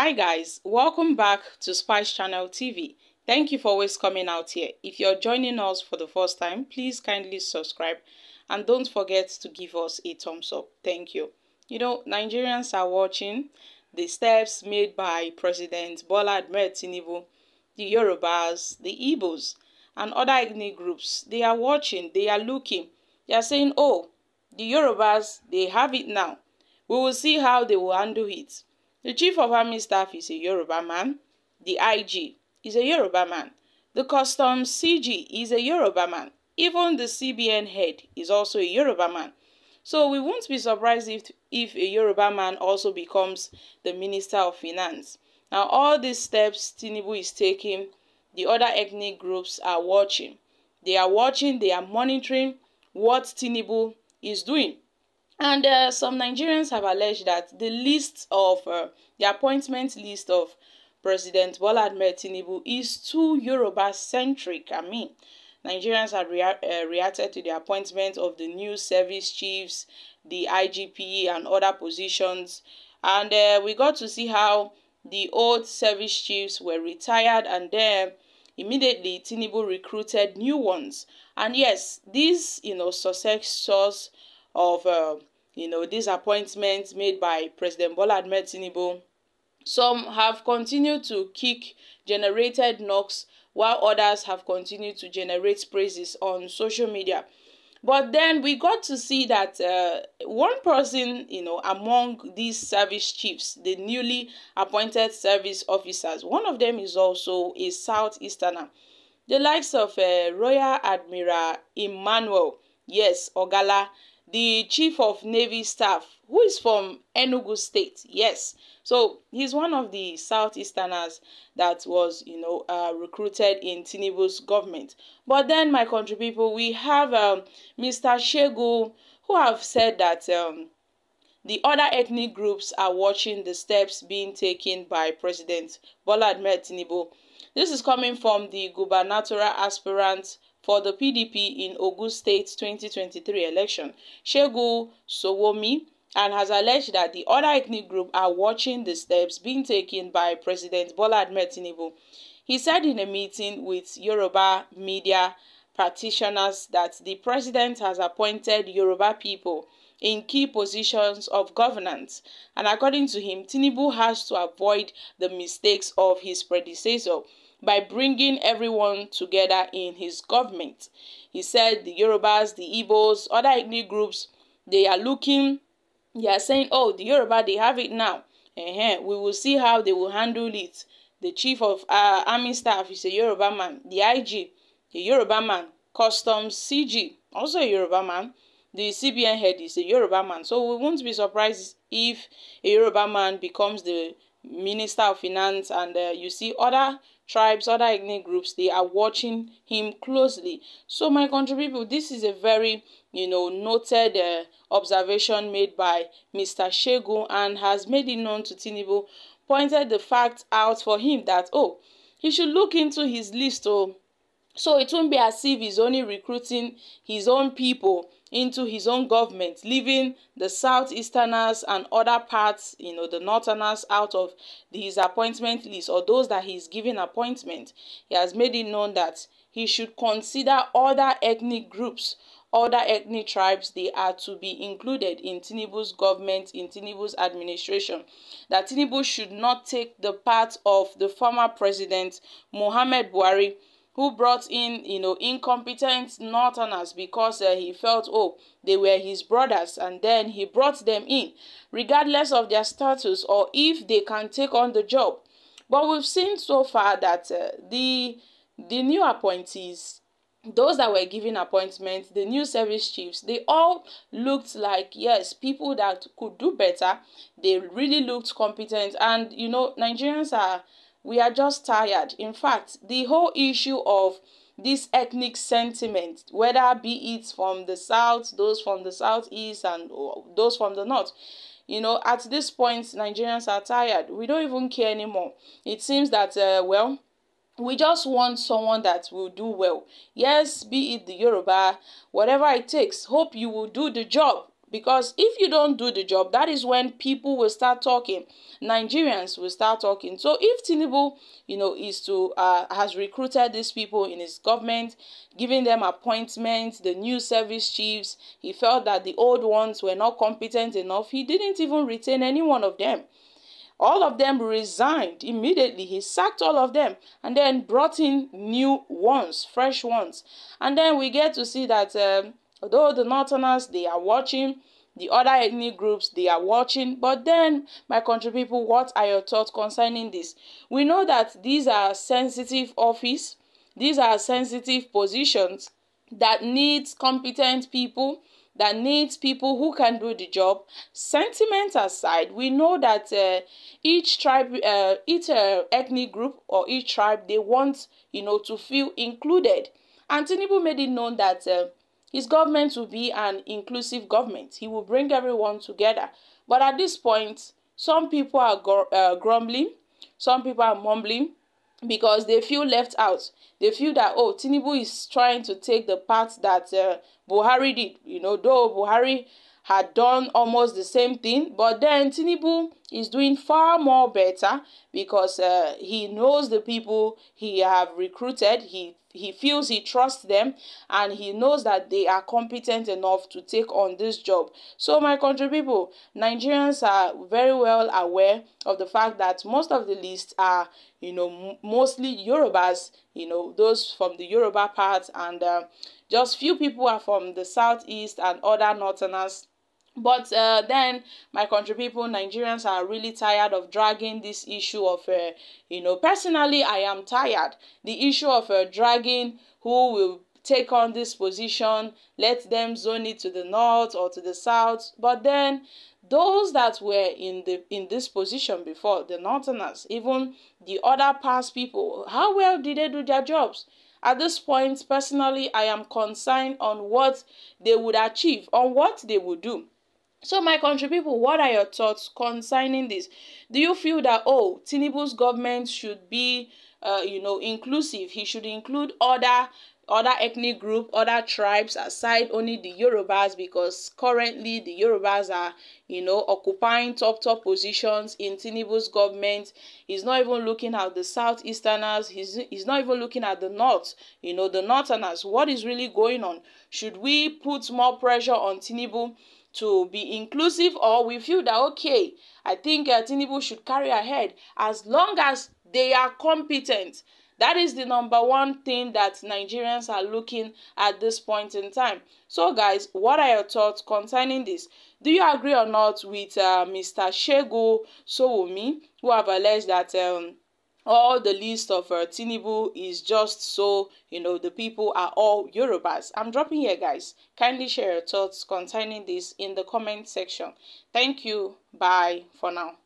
Hi guys, welcome back to Spice Channel TV. Thank you for always coming out here. If you're joining us for the first time, please kindly subscribe and don't forget to give us a thumbs up. Thank you. You know, Nigerians are watching the steps made by President Bola Ahmed Tinubu, the Yorubas, the Igbos, and other ethnic groups. They are watching, they are looking. They are saying, oh, the Yorubas, they have it now. We will see how they will handle it. The chief of army staff is a Yoruba man. The IG is a Yoruba man. The customs CG is a Yoruba man. Even the CBN head is also a Yoruba man. So we won't be surprised if, if a Yoruba man also becomes the Minister of Finance. Now all these steps Tinubu is taking, the other ethnic groups are watching. They are watching, they are monitoring what Tinubu is doing. And uh, some Nigerians have alleged that the list of uh, the appointment list of President Bola Ahmed Tinubu is too Yoruba centric. I mean, Nigerians have rea uh, reacted to the appointment of the new service chiefs, the IGP, and other positions. And uh, we got to see how the old service chiefs were retired and then immediately Tinubu recruited new ones. And yes, these, you know, successors of uh, you know these appointments made by President Bola Ahmed Tinubu. Some have continued to kick generated knocks while others have continued to generate praises on social media. But then we got to see that uh, one person, you know, among these service chiefs, the newly appointed service officers, one of them is also a Southeasterner, the likes of uh, Royal Admiral Emmanuel, yes, Ogala, the chief of Navy staff, who is from Enugu State. Yes, so he's one of the Southeasterners that was, you know, uh, recruited in Tinubu's government. But then, my country people, we have um, Mr. Shegu, who have said that. Um, the other ethnic groups are watching the steps being taken by President Bola Ahmed Tinubu. This is coming from the gubernatorial aspirant for the PDP in Ogun State's 2023 election, Shegu Sowomi, and has alleged that the other ethnic group are watching the steps being taken by President Bola Ahmed Tinubu. He said in a meeting with Yoruba media practitioners that the president has appointed Yoruba people in key positions of governance, and according to him, Tinubu has to avoid the mistakes of his predecessor by bringing everyone together in his government. He said the Yorubas, the Igbos, other ethnic groups, they are looking, they are saying, oh, the Yoruba, they have it now. Uh-huh. We will see how they will handle it. The chief of uh, army staff is a Yoruba man. The IG, a Yoruba man. Customs CG, also a Yoruba man. The CBN head is a Yoruba man. So we won't be surprised if a Yoruba man becomes the Minister of Finance and uh, you see other tribes, other ethnic groups, they are watching him closely. So, my country people, this is a very, you know, noted uh, observation made by Mr. Shegu and has made it known to Tinibu, pointed the fact out for him that, oh, he should look into his list, oh, so it won't be as if he's only recruiting his own people into his own government, leaving the southeasterners and other parts, you know, the northerners out of his appointment list or those that he is giving appointment. He has made it known that he should consider other ethnic groups, other ethnic tribes, they are to be included in Tinubu's government, in Tinubu's administration. That Tinubu should not take the part of the former president, Mohammed Buhari, who brought in, you know, incompetent northerners because uh, he felt, oh, they were his brothers, and then he brought them in, regardless of their status or if they can take on the job. But we've seen so far that uh, the the new appointees those that were given appointments, the new service chiefs, they all looked like, yes, people that could do better. They really looked competent. And, you know, Nigerians are We are just tired. In fact, the whole issue of this ethnic sentiment, whether be it from the south, those from the southeast, and those from the north. You know, at this point, Nigerians are tired. We don't even care anymore. It seems that, uh, well, we just want someone that will do well. Yes, be it the Yoruba, whatever it takes. Hope you will do the job Because if you don't do the job, that is when people will start talking. Nigerians will start talking. So if Tinubu, you know, is to uh, has recruited these people in his government, giving them appointments, the new service chiefs, he felt that the old ones were not competent enough. He didn't even retain any one of them. All of them resigned immediately. He sacked all of them and then brought in new ones, fresh ones. And then we get to see that. Um, Although the Northerners, they are watching, the other ethnic groups, they are watching. But then, my country people, what are your thoughts concerning this? We know that these are sensitive office, these are sensitive positions that needs competent people that needs people who can do the job. Sentiment aside, we know that uh, each tribe, uh, each uh, ethnic group or each tribe, they want you know to feel included. And Tinubu made it known that uh, His government will be an inclusive government. He will bring everyone together. But at this point, some people are gr- uh, grumbling, some people are mumbling because they feel left out. They feel that, oh, Tinubu is trying to take the path that uh, Buhari did. You know, though Buhari had done almost the same thing, but then Tinubu is doing far more better because uh, he knows the people he have recruited he he feels he trusts them and he knows that they are competent enough to take on this job so my country people nigerians are very well aware of the fact that most of the lists are you know mostly yorubas you know those from the yoruba part and uh, just few people are from the southeast and other northerners but uh, then my country people, Nigerians are really tired of dragging this issue of, uh, you know, personally, I am tired. The issue of uh, dragging who will take on this position, let them zone it to the north or to the south. But then those that were in the in this position before, the northerners, even the other past people, how well did they do their jobs? At this point, personally, I am concerned on what they would achieve, on what they would do So, my country people, what are your thoughts concerning this? Do you feel that oh, Tinubu's government should be, uh, you know, inclusive? He should include other other ethnic group, other tribes aside only the Yorubas because currently the Yorubas are, you know, occupying top top positions in Tinubu's government. He's not even looking at the southeasterners. He's he's not even looking at the north. You know, the northerners. What is really going on? Should we put more pressure on Tinubu? to be inclusive or we feel that okay I think uh, Tinubu should carry ahead as long as they are competent that is the number one thing that Nigerians are looking at this point in time. So, guys, what are your thoughts concerning this? Do you agree or not with uh, Mr. Shegu Sowumi, who have alleged that um, all the list of uh, Tinubu is just so you know the people are all Yorubas. I'm dropping here, guys. Kindly share your thoughts concerning this in the comment section. Thank you. Bye for now.